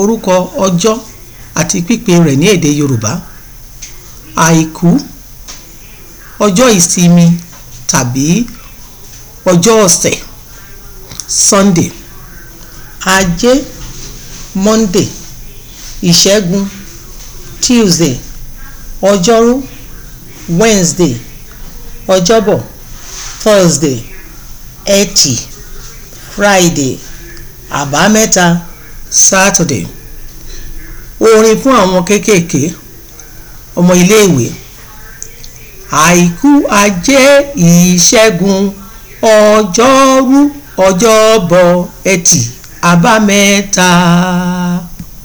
orúkọ ọjọ́ àti pípe rẹ̀ ní èdè Yorùbá àìkú ọjọ́ ìsinmi tàbí ọjọ́ ọ̀sẹ̀ Sunday ajé Monday ìṣẹ́gun Tuesday ọjọ́rú Wednesday ọjọ́bọ̀ Thursday ẹtì Friday àbámẹ́ta. Saturday orin fún àwọn kéékèèké ọmọ iléèwé àìkú ajé ìṣẹ́gun ọjọ́rú ọjọ́bọ̀ ẹtì àbámẹ́ta.